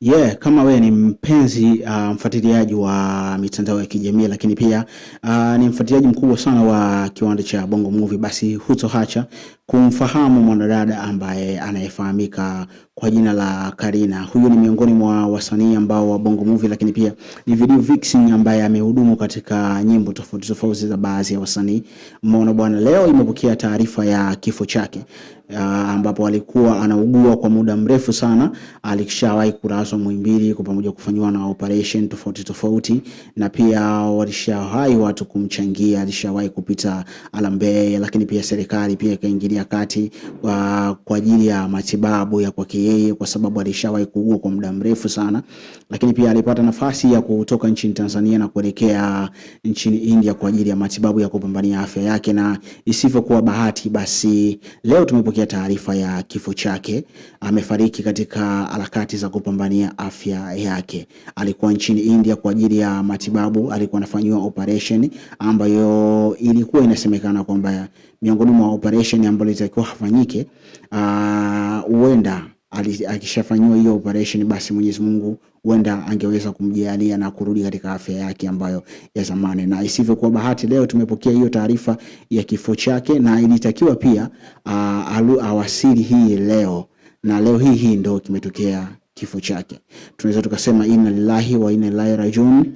Yeah, kama wewe ni mpenzi uh, mfuatiliaji wa mitandao ya kijamii lakini pia uh, ni mfuatiliaji mkubwa sana wa kiwanda cha Bongo Movie, basi hutoacha kumfahamu mwanadada ambaye anayefahamika kwa jina la Karina. Huyu ni miongoni mwa wasanii ambao wa Bongo Movie, lakini pia ni video vixen ambaye amehudumu katika nyimbo tofauti tofauti za baadhi ya wasanii. Umeona bwana, leo imepokea taarifa ya kifo chake Ah, ambapo alikuwa anaugua kwa muda mrefu sana. Alishawahi kulazwa Muhimbili kwa pamoja kufanyiwa na operation tofauti tofauti, na pia walishawahi watu kumchangia, alishawahi kupita Alambeye, lakini pia serikali pia ikaingilia kati ah, kwa ajili ya matibabu ya kwake yeye, kwa sababu alishawahi kuugua kwa muda mrefu sana. Lakini pia alipata nafasi ya kutoka nchini Tanzania na kuelekea nchini India kwa ajili ya matibabu ya kupambania afya yake, na isivyokuwa bahati, basi leo tumepokea kupokea taarifa ya kifo chake. Amefariki katika harakati za kupambania afya yake. Alikuwa nchini India kwa ajili ya matibabu, alikuwa anafanyiwa operation ambayo ilikuwa inasemekana kwamba miongoni mwa operation ambayo ilitakiwa hafanyike ah, huenda akishafanyiwa hiyo operation, basi Mwenyezi Mungu huenda angeweza kumjalia na kurudi katika afya yake ambayo ya zamani, na isivyokuwa bahati, leo tumepokea hiyo taarifa ya kifo chake, na ilitakiwa pia awasili hii leo, na leo hii hii ndo kimetokea kifo chake. Tunaweza tukasema inna lillahi wa inna ilaihi rajiun.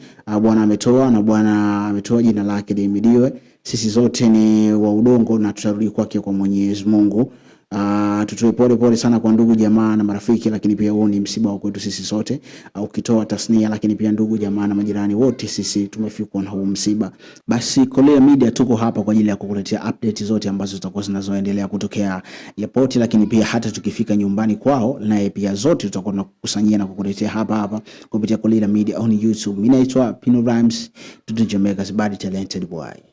Bwana ametoa na Bwana ametoa, jina lake limidiwe. Sisi zote ni wa udongo na tutarudi kwake kwa Mwenyezi Mungu. Ah, tutoe pole pole sana kwa ndugu jamaa na marafiki, lakini pia huo ni msiba wa kwetu sisi sote, au kitoa tasnia, lakini pia ndugu jamaa na majirani wote sisi tumefikwa na huu msiba. Basi Kolea Media tuko hapa kwa ajili ya kukuletea update zote ambazo zitakuwa zinazoendelea kutokea yapoti, lakini pia hata tukifika nyumbani kwao, naye pia zote tutakuwa tunakusanyia na kukuletea hapa hapa kupitia Kolea Media on YouTube. Mimi naitwa Pino Rhymes, tutu Jamaica's talented boy.